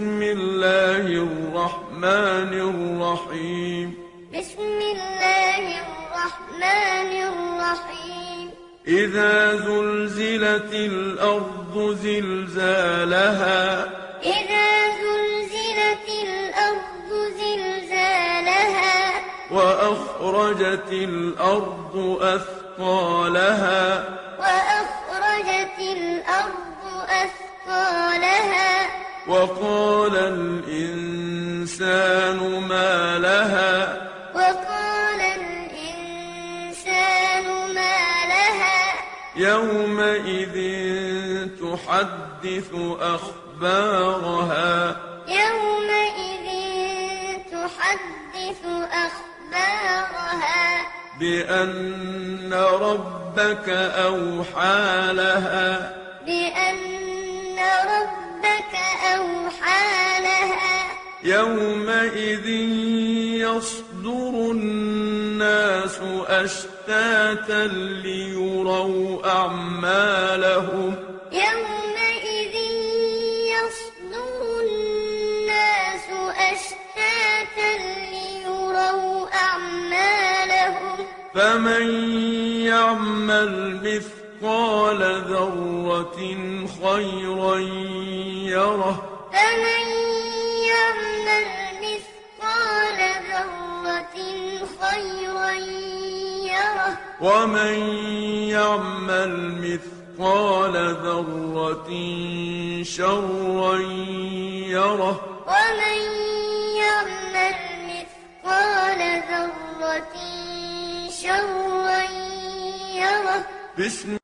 بسم الله الرحمن الرحيم بسم الله الرحمن الرحيم إذا زلزلت الأرض زلزالها إذا زلزلت الأرض زلزالها وأخرجت الأرض أثقالها وأخرجت وقال الإنسان ما لها وقال الإنسان ما لها يومئذ تحدث أخبارها يومئذ تحدث أخبارها بأن ربك أوحى لها بأن يومئذ يصدر الناس أشتاتا ليروا أعمالهم يومئذ يصدر الناس أشتاتا ليروا أعمالهم فمن يعمل مثقال ذرة خيرا يره فمن ومن يعمل مثقال ذرة شرا يره ومن يعمل مثقال ذرة شرا يره بسم